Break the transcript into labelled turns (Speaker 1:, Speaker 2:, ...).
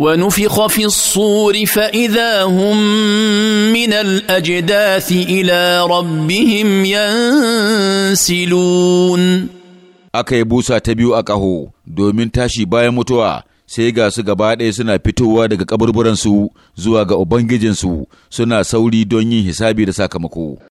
Speaker 1: ونفخ في الصور فإذا هم من
Speaker 2: ila rabbihim ربهم ينسلون aka yi busa ta biyu a ƙaho domin tashi bayan mutuwa sai ga su gaba ɗaya suna fitowa daga kaburburansu zuwa ga Ubangijinsu suna sauri don yin hisabi
Speaker 3: da sakamako.